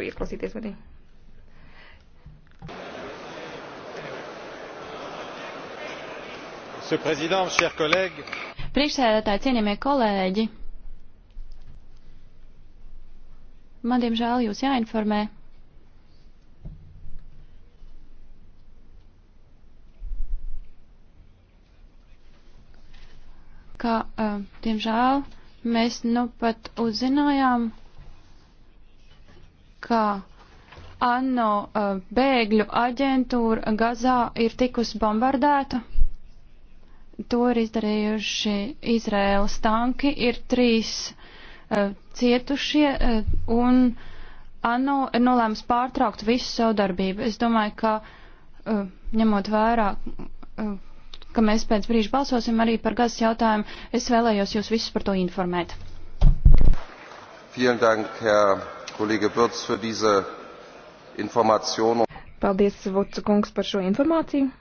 varētu ieklausīties manī. Priekšsēdētāji, cienījamie kolēģi, man diemžēl jūs jāinformē. ka, eh, diemžēl, mēs nu pat uzzinājām ka ANO uh, bēgļu aģentūra Gazā ir tikusi bombardēta. To ir izdarījuši Izraēlas tanki. Ir trīs uh, cietušie uh, un ANO ir nolēmis pārtraukt visu savu darbību. Es domāju, ka uh, ņemot vērā uh, ka mēs pēc brīža balsosim arī par gazas jautājumu. Es vēlējos jūs visus par to informēt. Vielen Dank, Herr Kollege Wirtz, für diese Information. Paldies, Vucu kungs, par šo informāciju.